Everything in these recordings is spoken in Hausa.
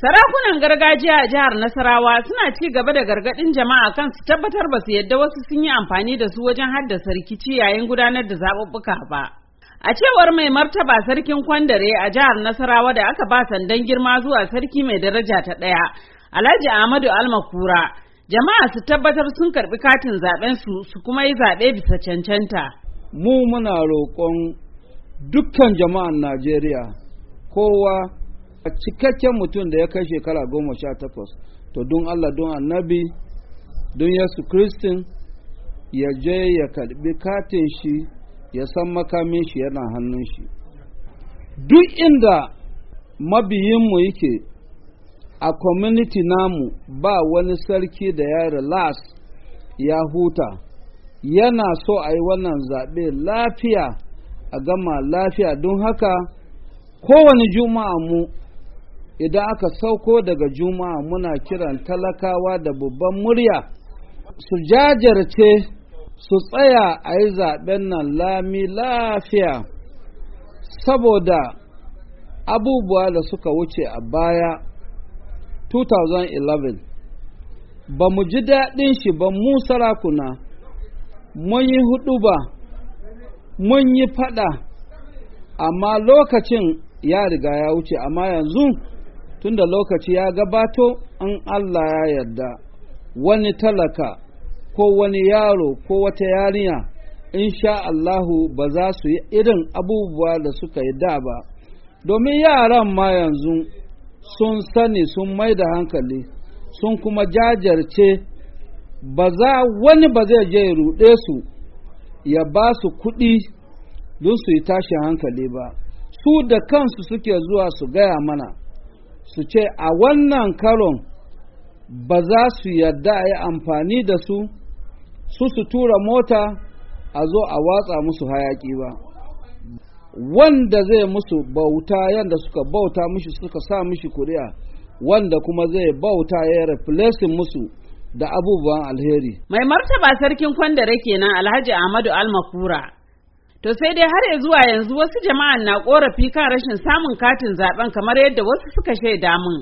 Sarakunan gargajiya a jihar Nasarawa suna ci gaba da gargadin jama'a kan su tabbatar ba su yadda wasu sun yi amfani da su wajen haddasa rikici yayin gudanar da zaɓuɓɓuka ba. A cewar mai martaba sarkin kwandare a jihar Nasarawa da aka ba sandan girma zuwa sarki mai daraja ta ɗaya, Alhaji Ahmadu Almakura, jama'a su tabbatar sun karɓi katin zaɓen su su kuma yi zaɓe bisa cancanta. Mu muna roƙon dukkan jama'an Najeriya kowa a cikakken mutum da ya kai shekara goma sha takwas to don Allah don annabi don Yesu Kristin ya je ya karbi katin shi ya san makamin shi yana hannun shi duk inda mabiyinmu yake a community namu ba wani sarki da ya las ya huta yana so a yi wannan zaɓe lafiya a gama lafiya don haka kowane juma'a mu idan aka sauko daga juma'a muna kiran talakawa da babban murya su jajarce su tsaya a yi zaɓen nan lami lafiya saboda abubuwa da suka wuce a baya 2011 ba mu ji daɗin shi ba mu sarakuna mun yi hudu ba mun yi fada amma lokacin ya riga ya wuce amma yanzu tunda lokaci ya gabato an Allah ya yarda wani talaka ko wani yaro ko wata yarinya sha Allahu ba za su yi irin abubuwa da suka yi da ba domin yaran ma yanzu sun sani sun mai da hankali sun kuma jajarce ba za wani ba zai je ya ruɗe su ya ba su kuɗi don su yi tashin hankali ba su da kansu suke zuwa su gaya mana su ce a wannan karon ba za su yarda a yi amfani da su su su tura mota a zo a watsa musu hayaƙi ba wanda zai musu bauta yadda suka bauta mishi suka sa mishi kuri'a wanda kuma zai bauta ya replacing musu da abubuwan alheri mai martaba sarkin kwandare kenan alhaji ahmadu almakura To sai dai har zuwa yanzu wasu jama'an na korafi kan rashin samun katin zaben kamar yadda wasu suka shaida mun.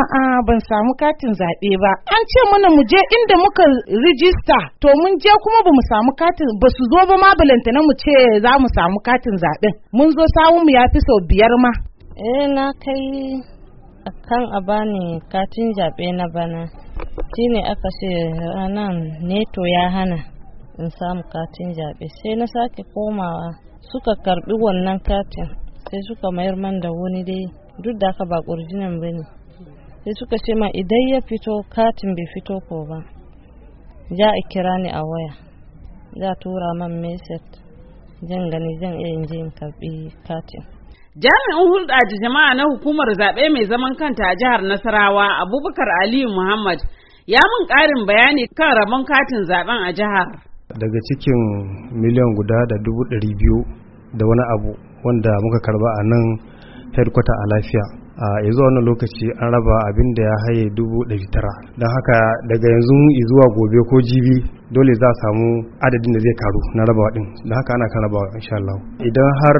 A'a ban samu katin zaɓe ba. An ce mana mu je inda muka rijista to mun je kuma ba mu samu katin ba su zo ba ma na mu ce za mu samu katin zaɓe Mun zo sawun mu ya fi sau biyar ma. Eh na kai akan a bani katin zaɓe na bana. Shine aka ce ranar neto ya hana. in samu katin zabe sai na sake komawa suka karbi wannan katin sai suka mayar man da wani dai duk da haka ba ƙurjinan ba ne sai suka ce ma idan ya fito katin bai fito ko ba ja a kira ni a waya za tura man meset jan gani zan iya in je in karbi katin jami'in hulɗa da jama'a na hukumar zaɓe mai zaman kanta a jihar nasarawa abubakar aliyu muhammad ya mun ƙarin bayani kan rabon katin zaɓen a jihar daga cikin miliyan guda da dubu ɗari biyu da wani abu wanda muka karba a nan headquarter a lafiya a yanzu wannan lokaci an raba abin da ya haye dubu ɗari tara don haka daga yanzu zuwa gobe ko jibi dole za a samu adadin da zai karu na rabawa din don haka ana kan rabawa insha Allah idan har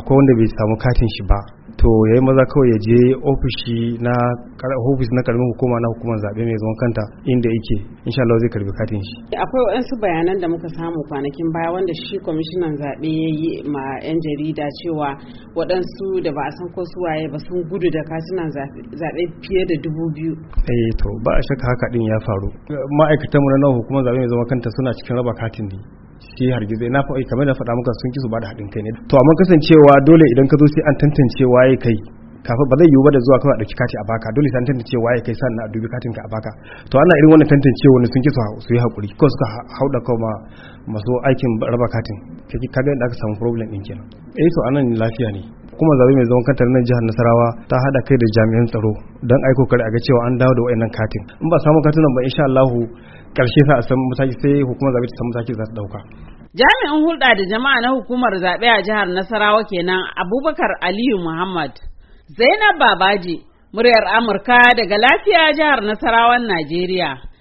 akwai wanda bai samu katin shi ba to yayi maza kawai ya je ofishi na ofis na karamin hukuma na hukumar zaɓe mai zaman kanta inda yake insha Allah zai karbi katin shi akwai waɗansu bayanan da muka samu kwanakin baya wanda shi kwamishinan zaɓe ya yi ma 'yan jarida cewa waɗansu da ba a san ko su waye ba sun gudu da katunan zaɓe fiye da dubu biyu eh to ba a shakka haka ɗin ya faru ma'aikatan mu na hukumar zaɓe mai zaman kanta suna cikin raba katin ne shi hargitse na faɗi eh, kamar da faɗa muka sun ki su ba da haɗin kai ne to amma kasancewa dole idan ka zo sai an tantance waye kai kafin ba zai yiwu ba da zuwa kawai a ɗauki kati a baka dole sai an tantance waye kai sannan a dubi katin ka a baka to ana irin wannan tantance wani sun ki su yi haƙuri ko suka hauɗa kawai masu aikin raba katin kaga yadda aka samu problem ɗin kenan eh to anan lafiya ne kuma zabe mai zaman kanta nan jihar Nasarawa ta hada kai da jami'an tsaro don aiko kare a ga cewa an dawo da wayannan katin in ba samu nan ba insha Allah karshe sa a san mataki sai hukumar zabe ta san mataki za ta dauka Jami'in hulɗa da jama'a na hukumar zaɓe a jihar Nasarawa kenan Abubakar Aliyu Muhammad. Zainab Babaji, muryar Amurka daga lafiya jihar Nasarawan Najeriya.